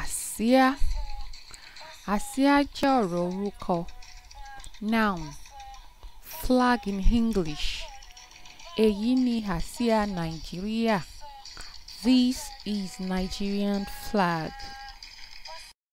Àsíá Àsíá jẹ́ ọ̀rọ̀ orúkọ noun flag in English. Èyí ni àsíá Nàìjíríà. This is Nigerian flag.